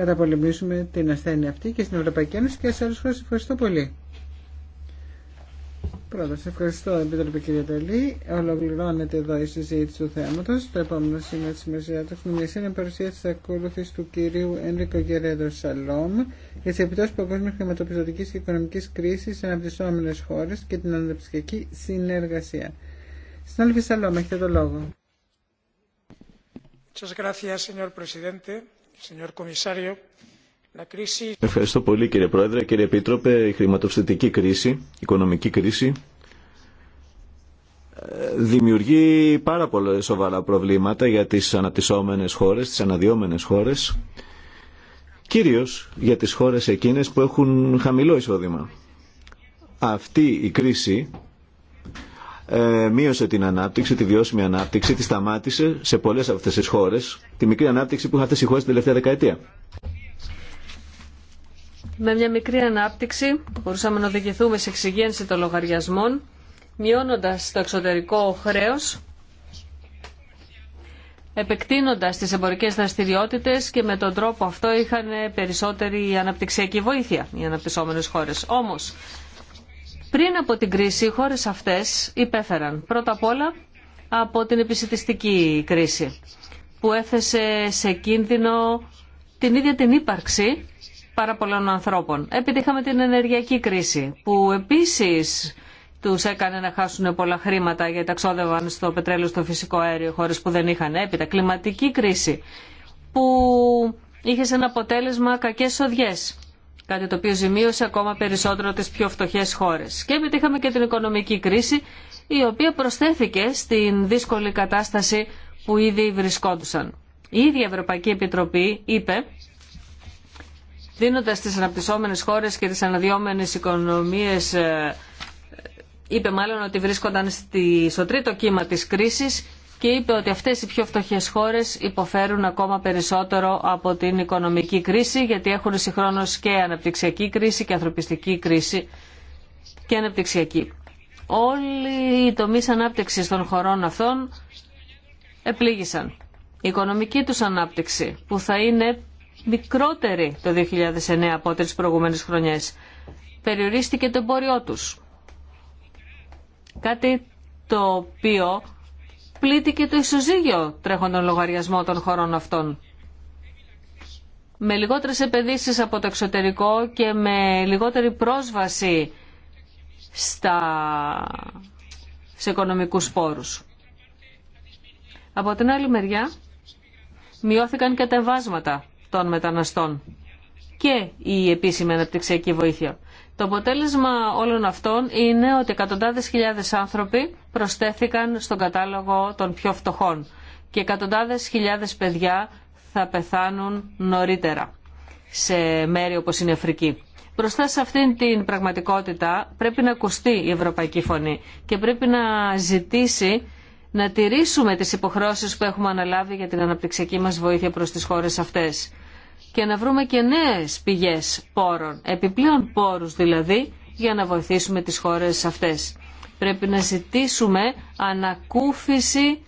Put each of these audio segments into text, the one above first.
καταπολεμήσουμε την ασθένεια αυτή και στην Ευρωπαϊκή Ένωση και σε άλλες χώρες. Ευχαριστώ πολύ. Πρώτα, σε ευχαριστώ, Επίτροπε κυρία Τελή. Ολοκληρώνεται εδώ η συζήτηση του θέματο. Το επόμενο σήμερα τη ημερησία είναι η παρουσία τη ακολούθηση του κυρίου Ένρικο Γερέδο Σαλόμ για τι επιπτώσει παγκόσμια χρηματοπιστωτική και οικονομική κρίση σε αναπτυσσόμενε χώρε και την αναπτυξιακή συνεργασία. Συνάδελφε Σαλόμ, έχετε το λόγο. Ευχαριστώ πολύ κύριε Πρόεδρε. Κύριε Επίτροπε, η χρηματοπιστωτική κρίση, η οικονομική κρίση ε, δημιουργεί πάρα πολλά σοβαρά προβλήματα για τις αναπτυσσόμενες χώρες, τις αναδυόμενες χώρες, κυρίως για τις χώρες εκείνες που έχουν χαμηλό εισόδημα. Αυτή η κρίση ε, μείωσε την ανάπτυξη, τη βιώσιμη ανάπτυξη, τη σταμάτησε σε πολλές από αυτές τις χώρες, τη μικρή ανάπτυξη που είχαν αυτές οι χώρες την τελευταία δεκαετία. Με μια μικρή ανάπτυξη μπορούσαμε να οδηγηθούμε σε εξυγένση των λογαριασμών, μειώνοντας το εξωτερικό χρέος, επεκτείνοντας τις εμπορικές δραστηριότητες και με τον τρόπο αυτό είχαν περισσότερη αναπτυξιακή βοήθεια οι αναπτυσσόμενες χώρες. Όμως, πριν από την κρίση, οι χώρες αυτές υπέφεραν πρώτα απ' όλα από την επισητιστική κρίση που έθεσε σε κίνδυνο την ίδια την ύπαρξη πάρα πολλών ανθρώπων. Έπειτα είχαμε την ενεργειακή κρίση που επίσης τους έκανε να χάσουν πολλά χρήματα γιατί τα στο πετρέλαιο, στο φυσικό αέριο, χώρες που δεν είχαν έπειτα. Κλιματική κρίση που είχε σαν αποτέλεσμα κακές οδιές κάτι το οποίο ζημίωσε ακόμα περισσότερο τις πιο φτωχές χώρες. Και επιτύχαμε και την οικονομική κρίση, η οποία προσθέθηκε στην δύσκολη κατάσταση που ήδη βρισκόντουσαν. Η ίδια Ευρωπαϊκή Επιτροπή είπε, δίνοντας τις αναπτυσσόμενες χώρες και τις αναδυόμενες οικονομίες, ε, είπε μάλλον ότι βρίσκονταν στο τρίτο κύμα της κρίσης και είπε ότι αυτές οι πιο φτωχές χώρες υποφέρουν ακόμα περισσότερο από την οικονομική κρίση γιατί έχουν συγχρόνως και αναπτυξιακή κρίση και ανθρωπιστική κρίση και αναπτυξιακή. Όλοι οι τομείς ανάπτυξης των χωρών αυτών επλήγησαν. Η οικονομική τους ανάπτυξη που θα είναι μικρότερη το 2009 από τις προηγούμενες χρονιές περιορίστηκε το εμπόριό τους. Κάτι το οποίο πλήττει και το ισοζύγιο τρέχον λογαριασμό των χωρών αυτών. Με λιγότερες επενδύσεις από το εξωτερικό και με λιγότερη πρόσβαση στα... σε οικονομικούς πόρους. Από την άλλη μεριά, μειώθηκαν και τα εμβάσματα των μεταναστών και η επίσημη αναπτυξιακή βοήθεια. Το αποτέλεσμα όλων αυτών είναι ότι εκατοντάδες χιλιάδες άνθρωποι προστέθηκαν στον κατάλογο των πιο φτωχών και εκατοντάδες χιλιάδες παιδιά θα πεθάνουν νωρίτερα σε μέρη όπως είναι η Αφρική. Μπροστά σε αυτήν την πραγματικότητα πρέπει να ακουστεί η ευρωπαϊκή φωνή και πρέπει να ζητήσει να τηρήσουμε τις υποχρώσεις που έχουμε αναλάβει για την αναπτυξιακή μας βοήθεια προς τις χώρες αυτές και να βρούμε και νέες πηγές πόρων, επιπλέον πόρους δηλαδή, για να βοηθήσουμε τις χώρες αυτές. Πρέπει να ζητήσουμε ανακούφιση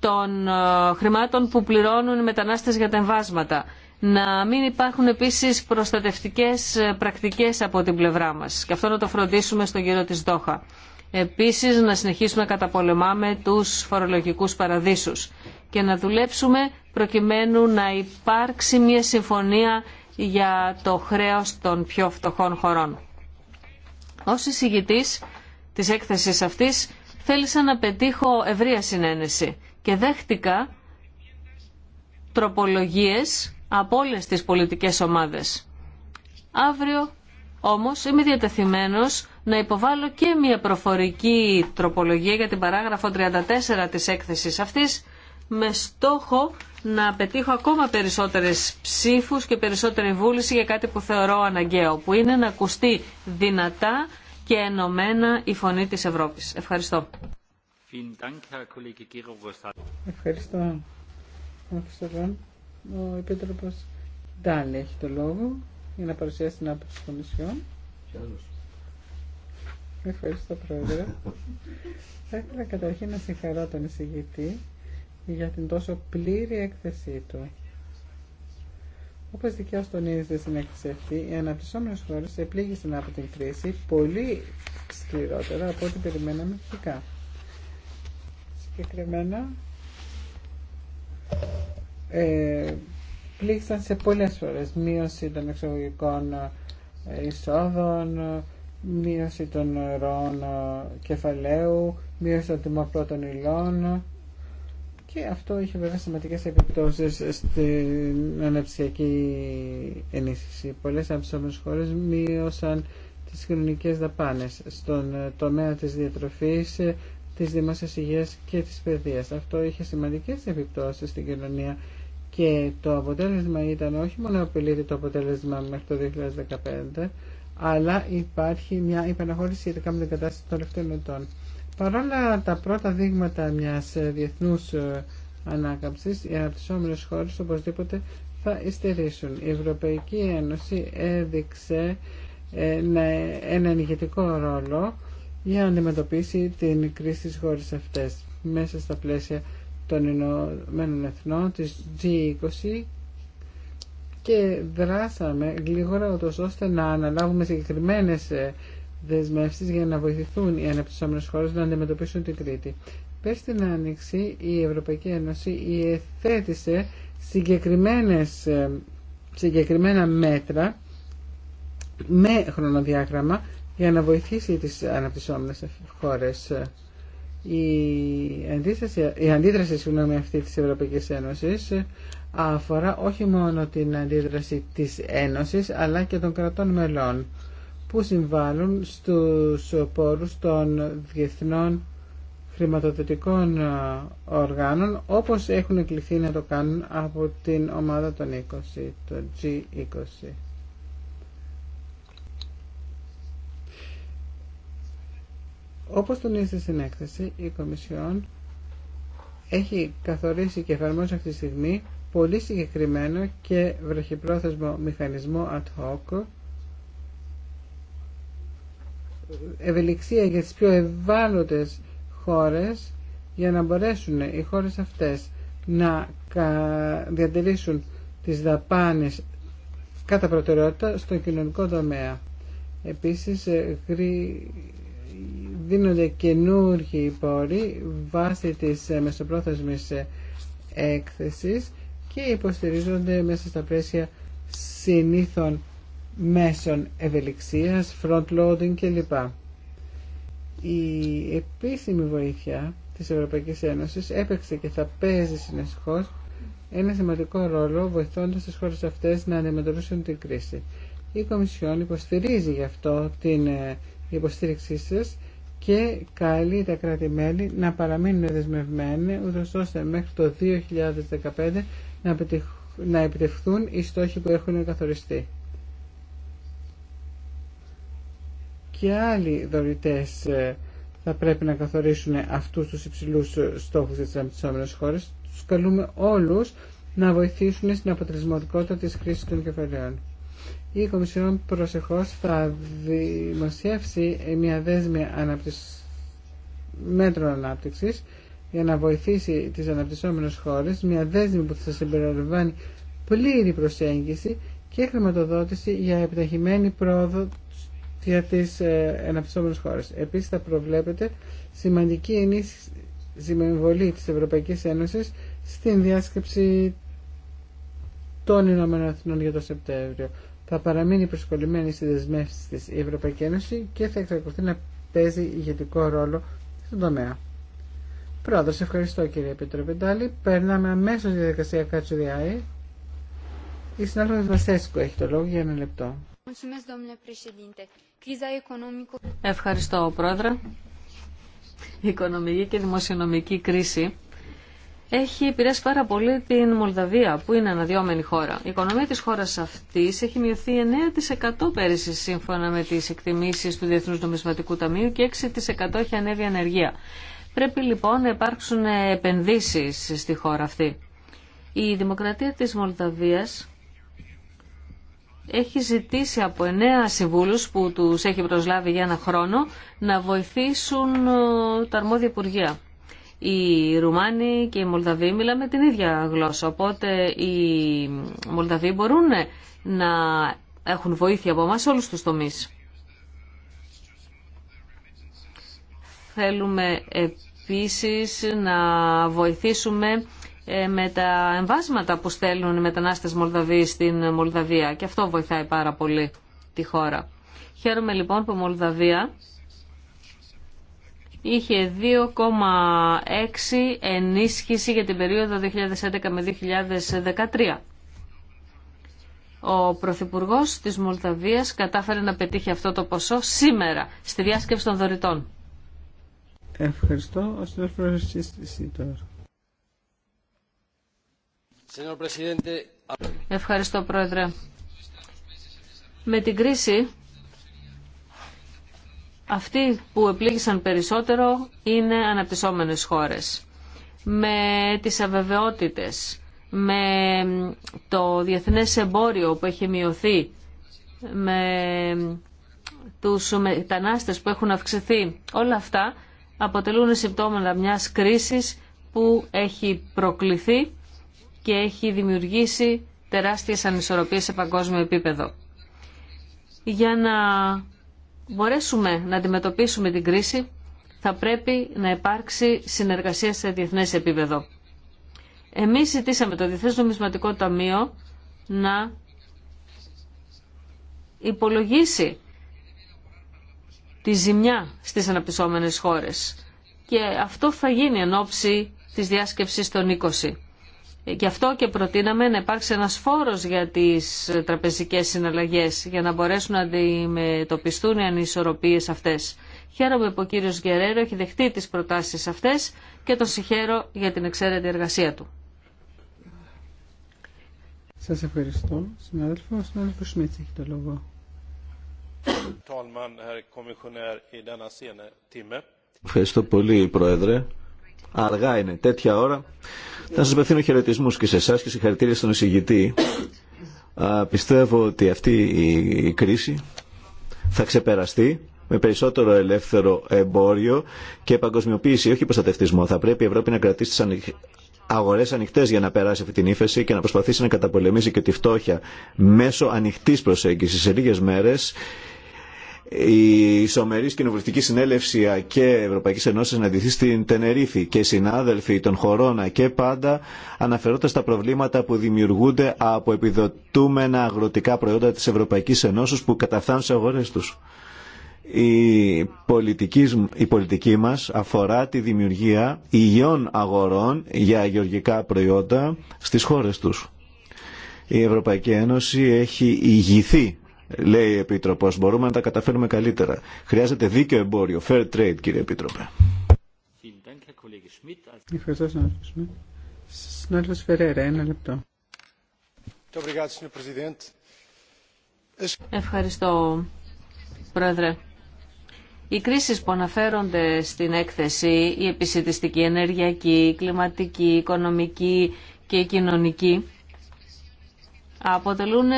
των ε, χρημάτων που πληρώνουν οι μετανάστες για τα εμβάσματα. Να μην υπάρχουν επίσης προστατευτικές ε, πρακτικές από την πλευρά μας. Και αυτό να το φροντίσουμε στον κύριο της Δόχα. Επίσης να συνεχίσουμε να καταπολεμάμε τους φορολογικούς παραδείσους και να δουλέψουμε προκειμένου να υπάρξει μια συμφωνία για το χρέος των πιο φτωχών χωρών. Ως εισηγητής της έκθεσης αυτής θέλησα να πετύχω ευρεία συνένεση και δέχτηκα τροπολογίες από όλες τις πολιτικές ομάδες. Αύριο όμως είμαι διατεθειμένος να υποβάλω και μια προφορική τροπολογία για την παράγραφο 34 της έκθεσης αυτής με στόχο να πετύχω ακόμα περισσότερες ψήφους και περισσότερη βούληση για κάτι που θεωρώ αναγκαίο, που είναι να ακουστεί δυνατά και ενωμένα η φωνή της Ευρώπης. Ευχαριστώ. Ευχαριστώ. Ο Επίτροπος Ντάλι έχει το λόγο για να παρουσιάσει την άποψη της Κομισιόν. Ευχαριστώ πρόεδρε. Θα ήθελα καταρχήν να συγχαρώ τον εισηγητή για την τόσο πλήρη έκθεσή του. Όπω δικαίω τονίζεται στην έκθεση αυτή, οι αναπτυσσόμενε χώρε επλήγησαν από την κρίση πολύ σκληρότερα από ό,τι περιμέναμε φυσικά. Συγκεκριμένα, ε, πλήγησαν σε πολλές φορές μείωση των εξαγωγικών ε, εισόδων, μείωση των ροών ε, κεφαλαίου, μείωση των τιμών πρώτων υλών και αυτό είχε βέβαια σημαντικές επιπτώσεις στην αναψυχιακή ενίσχυση. Πολλές αναψυχόμενες χώρες μείωσαν τις κοινωνικές δαπάνες στον ε, τομέα της διατροφής, ε, της δημόσιας υγείας και της παιδείας. Αυτό είχε σημαντικές επιπτώσεις στην κοινωνία και το αποτέλεσμα ήταν όχι μόνο απειλείται το αποτέλεσμα μέχρι το 2015, αλλά υπάρχει μια υπαναχώρηση σχετικά με την κατάσταση των τελευταίων ετών. Παρόλα τα πρώτα δείγματα μιας ε, διεθνούς ε, ανάκαμψη, οι αναπτυσσόμενε χώρε, οπωσδήποτε θα υστερήσουν. Η Ευρωπαϊκή Ένωση έδειξε ε, ένα ηγετικό ρόλο για να αντιμετωπίσει την κρίση στις χώρες αυτές μέσα στα πλαίσια των Ηνωμένων Εθνών, της G20 και δράσαμε γλίγορα ώστε να αναλάβουμε συγκεκριμένε ε, δεσμεύσεις για να βοηθηθούν οι αναπτυσσόμενες χώρες να αντιμετωπίσουν την Κρήτη. Πέρσι την Άνοιξη η Ευρωπαϊκή Ένωση υιοθέτησε συγκεκριμένες, ε, συγκεκριμένα μέτρα με χρονοδιάγραμμα για να βοηθήσει τις αναπτυσσόμενες χώρες. Η, αντίδραση, η αυτή της Ευρωπαϊκής Ένωσης αφορά όχι μόνο την αντίδραση της Ένωσης αλλά και των κρατών μελών που συμβάλλουν στους πόρους των διεθνών χρηματοδοτικών ε, οργάνων όπως έχουν εκληθεί να το κάνουν από την ομάδα των 20, το G20. Όπως τονίζεται στην έκθεση, η Κομισιόν έχει καθορίσει και εφαρμόσει αυτή τη στιγμή πολύ συγκεκριμένο και βραχυπρόθεσμο μηχανισμό ad hoc ευελιξία για τις πιο ευάλωτες χώρες για να μπορέσουν οι χώρες αυτές να διατηρήσουν τις δαπάνες κατά προτεραιότητα στον κοινωνικό τομέα. Επίσης ε, δίνονται καινούργιοι πόροι βάσει της ε, μεσοπρόθεσμης ε, έκθεσης και υποστηρίζονται μέσα στα πλαίσια συνήθων μέσων ευελιξίας, front-loading κλπ. Η επίσημη βοήθεια της Ευρωπαϊκής Ένωσης έπαιξε και θα παίζει συνεχώς ένα σημαντικό ρόλο βοηθώντας τις χώρες αυτές να αντιμετωπίσουν την κρίση. Η Κομισιόν υποστηρίζει γι' αυτό την ε, υποστήριξή σας και καλεί τα κράτη-μέλη να παραμείνουν δεσμευμένοι ούτως ώστε μέχρι το 2015 να επιτευχθούν οι στόχοι που έχουν καθοριστεί. Και άλλοι δωρητές ε, θα πρέπει να καθορίσουν αυτούς τους υψηλούς ε, στόχους της αναπτυσσόμενης χώρας. Τους καλούμε όλους να βοηθήσουν στην αποτελεσματικότητα της κρίσης των κεφαλαίων. Η Κομισιόν προσεχώς θα δημοσιεύσει μια δέσμη μέτρων ανάπτυξης για να βοηθήσει τις αναπτυσσόμενες χώρες, μια δέσμη που θα συμπεριλαμβάνει πλήρη προσέγγιση και χρηματοδότηση για επιταχυμένη πρόοδο για τις ε, αναπτυσσόμενες χώρες. Επίσης θα προβλέπεται σημαντική ενίσχυση συμβολή της Ευρωπαϊκής Ένωσης στην διάσκεψη των Ηνωμένων Εθνών για το Σεπτέμβριο. Θα παραμείνει προσκολλημένη στη δεσμεύση της η Ευρωπαϊκή Ένωση και θα εξακολουθεί να παίζει ηγετικό ρόλο στον τομέα. Πρόεδρος, ευχαριστώ κύριε Επίτροπε Περνάμε αμέσως στη διαδικασία Κατσουδιάη. Η συνάδελφος Βασέσκου έχει το λόγο για ένα λεπτό. Ευχαριστώ πρόεδρε. Η οικονομική και δημοσιονομική κρίση έχει επηρεάσει πάρα πολύ την Μολδαβία, που είναι αναδιόμενη χώρα. Η οικονομία της χώρας αυτής έχει μειωθεί 9% πέρυσι σύμφωνα με τις εκτιμήσεις του Διεθνούς Νομισματικού Ταμείου και 6% έχει ανέβει ανεργία. Πρέπει λοιπόν να υπάρξουν επενδύσεις στη χώρα αυτή. Η Δημοκρατία της Μολδαβίας έχει ζητήσει από εννέα συμβούλους που τους έχει προσλάβει για ένα χρόνο να βοηθήσουν ε, τα αρμόδια υπουργεία. Οι Ρουμάνοι και οι Μολδαβοί μιλάμε την ίδια γλώσσα, οπότε οι Μολδαβοί μπορούν να έχουν βοήθεια από εμάς σε όλους τους τομείς. Θέλουμε επίσης να βοηθήσουμε ε, με τα εμβάσματα που στέλνουν οι μετανάστες Μολδαβοί στην Μολδαβία και αυτό βοηθάει πάρα πολύ τη χώρα. Χαίρομαι λοιπόν που η Μολδαβία είχε 2,6 ενίσχυση για την περίοδο 2011 με 2013. Ο Πρωθυπουργό της Μολδαβίας κατάφερε να πετύχει αυτό το ποσό σήμερα στη διάσκεψη των δωρητών. Ευχαριστώ. Ο συνάδελφος Ευχαριστώ, Πρόεδρε. Με την κρίση, αυτοί που επλήγησαν περισσότερο είναι αναπτυσσόμενες χώρες. Με τις αβεβαιότητες, με το διεθνές εμπόριο που έχει μειωθεί, με τους μετανάστες που έχουν αυξηθεί, όλα αυτά αποτελούν συμπτώματα μιας κρίσης που έχει προκληθεί και έχει δημιουργήσει τεράστιες ανισορροπίες σε παγκόσμιο επίπεδο. Για να μπορέσουμε να αντιμετωπίσουμε την κρίση θα πρέπει να υπάρξει συνεργασία σε διεθνές επίπεδο. Εμείς ζητήσαμε το Διεθνές Νομισματικό Ταμείο να υπολογίσει τη ζημιά στις αναπτυσσόμενες χώρες. Και αυτό θα γίνει εν ώψη της διάσκεψης των 20. Γι' αυτό και προτείναμε να υπάρξει ένας φόρος για τις τραπεζικές συναλλαγές, για να μπορέσουν να αντιμετωπιστούν οι ανισορροπίες αυτές. Χαίρομαι που ο κύριος Γερέρο έχει δεχτεί τις προτάσεις αυτές και τον συγχαίρω για την εξαίρετη εργασία του. Σας ευχαριστώ, συνάδελφο. Σμίτς έχει το λόγο. Ευχαριστώ πολύ, Πρόεδρε. Αργά είναι, τέτοια ώρα. Θα σα απευθύνω χαιρετισμού και σε εσά και συγχαρητήρια στον εισηγητή. πιστεύω ότι αυτή η κρίση θα ξεπεραστεί με περισσότερο ελεύθερο εμπόριο και παγκοσμιοποίηση, όχι προστατευτισμό. Θα πρέπει η Ευρώπη να κρατήσει τι αγορές αγορέ ανοιχτέ για να περάσει αυτή την ύφεση και να προσπαθήσει να καταπολεμήσει και τη φτώχεια μέσω ανοιχτή προσέγγιση. Σε λίγε μέρε η Ισομερή Κοινοβουλευτική Συνέλευση και Ευρωπαϊκή Ενώση συναντηθεί στην Τενερίφη και οι συνάδελφοι των χωρών και πάντα αναφερόνται τα προβλήματα που δημιουργούνται από επιδοτούμενα αγροτικά προϊόντα της Ευρωπαϊκή Ενώση που καταφθάνουν σε αγορέ του. Η πολιτική, η πολιτική μας αφορά τη δημιουργία υγιών αγορών για γεωργικά προϊόντα στις χώρες τους. Η Ευρωπαϊκή Ένωση έχει ηγηθεί λέει η Επίτροπος. Μπορούμε να τα καταφέρουμε καλύτερα. Χρειάζεται δίκαιο εμπόριο, fair trade κύριε Επίτροπε. Ευχαριστώ Ευχαριστώ Πρόεδρε. Οι κρίσεις που αναφέρονται στην έκθεση, η επισητιστική, η ενεργειακή, η κλιματική, η οικονομική και η κοινωνική, αποτελούν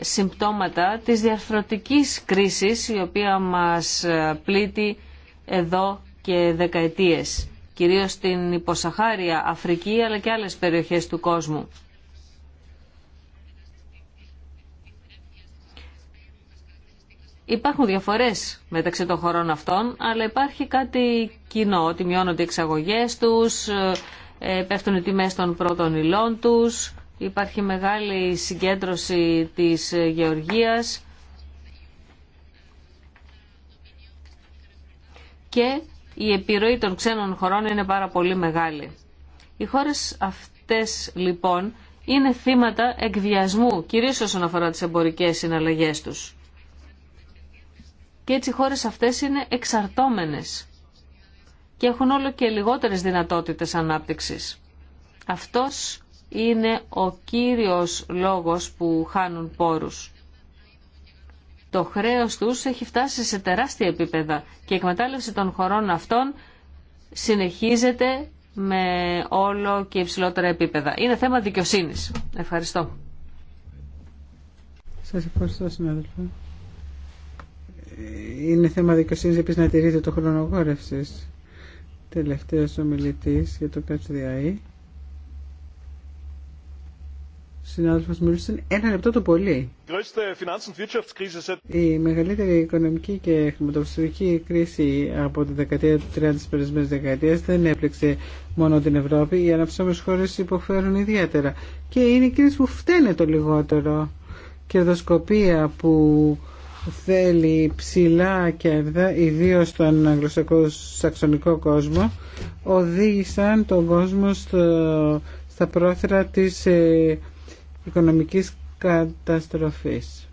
συμπτώματα της διαρθρωτικής κρίσης η οποία μας πλήττει εδώ και δεκαετίες κυρίως στην υποσαχάρια Αφρική αλλά και άλλες περιοχές του κόσμου. Υπάρχουν διαφορές μεταξύ των χωρών αυτών, αλλά υπάρχει κάτι κοινό, ότι μειώνονται οι εξαγωγές τους, ε, πέφτουν οι τιμές των πρώτων υλών τους, Υπάρχει μεγάλη συγκέντρωση της γεωργίας και η επιρροή των ξένων χωρών είναι πάρα πολύ μεγάλη. Οι χώρες αυτές λοιπόν είναι θύματα εκβιασμού, κυρίως όσον αφορά τις εμπορικές συναλλαγές τους. Και έτσι οι χώρες αυτές είναι εξαρτώμενες και έχουν όλο και λιγότερες δυνατότητες ανάπτυξης. Αυτός είναι ο κύριος λόγος που χάνουν πόρους. Το χρέος τους έχει φτάσει σε τεράστια επίπεδα και η εκμετάλλευση των χωρών αυτών συνεχίζεται με όλο και υψηλότερα επίπεδα. Είναι θέμα δικαιοσύνης. Ευχαριστώ. Σας ευχαριστώ συνάδελφα. Είναι θέμα δικαιοσύνης επίσης να τηρείτε το χρόνο γόρευσης. Τελευταίος ομιλητής για το ΚΑΤΣΔΙΑΗ. Συνάδελφος μιλούσαν ένα λεπτό το πολύ. Η μεγαλύτερη οικονομική και χρηματοπιστωτική κρίση από τη δεκαετία του 30 της περισμένης δεκαετίας δεν έπληξε μόνο την Ευρώπη. Οι αναψώμες χώρες υποφέρουν ιδιαίτερα. Και είναι η κρίση που φταίνε το λιγότερο. Κερδοσκοπία που θέλει ψηλά κέρδα, ιδίω στον σαξονικό κόσμο, οδήγησαν τον κόσμο στα πρόθυρα της ε, οικονομικής καταστροφής.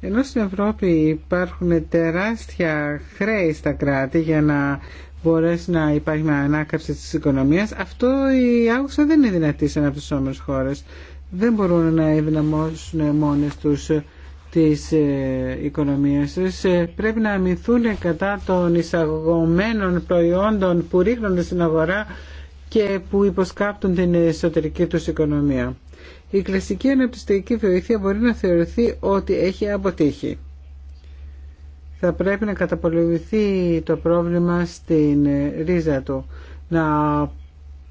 Ενώ στην Ευρώπη υπάρχουν τεράστια χρέη στα κράτη για να μπορέσει να υπάρχει μια ανάκαψη της οικονομίας, αυτό η άγουσα δεν είναι δυνατή σε αναπτυσσόμενες χώρες. Δεν μπορούν να ενδυναμώσουν μόνες τους τις ε, οικονομίες τους. Ε, πρέπει να αμυνθούν κατά των εισαγωγμένων προϊόντων που ρίχνονται στην αγορά και που υποσκάπτουν την εσωτερική τους οικονομία. Η κλασική αναπτυστική βοήθεια μπορεί να θεωρηθεί ότι έχει αποτύχει. Θα πρέπει να καταπολεμηθεί το πρόβλημα στην ρίζα του, να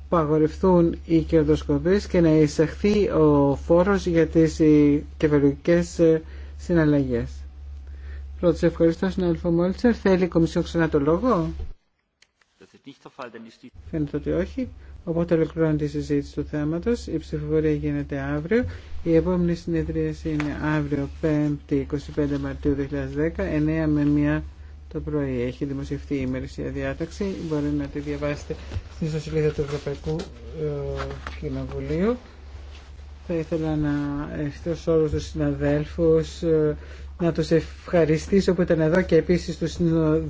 παγωρευτούν οι κερδοσκοπείς και να εισαχθεί ο φόρος για τις κεφαλικές συναλλαγές. Πρώτος ευχαριστώ στον Μόλτσερ. Θέλει η το λόγο. Φαίνεται ότι όχι. Οπότε ολοκληρώνεται η συζήτηση του θέματο. Η ψηφοφορία γίνεται αύριο. Η επόμενη συνεδρίαση είναι αύριο, 5η 25 Μαρτίου 2010, 9 με 1 το πρωί. Έχει δημοσιευτεί η ημερησία διάταξη. Μπορείτε να τη διαβάσετε στην ιστοσελίδα του Ευρωπαϊκού ε, Κοινοβουλίου. Θα ήθελα να ευχαριστήσω όλους τους συναδέλφους, ε, να του ευχαριστήσω που ήταν εδώ και επίση του συνοδεύουν.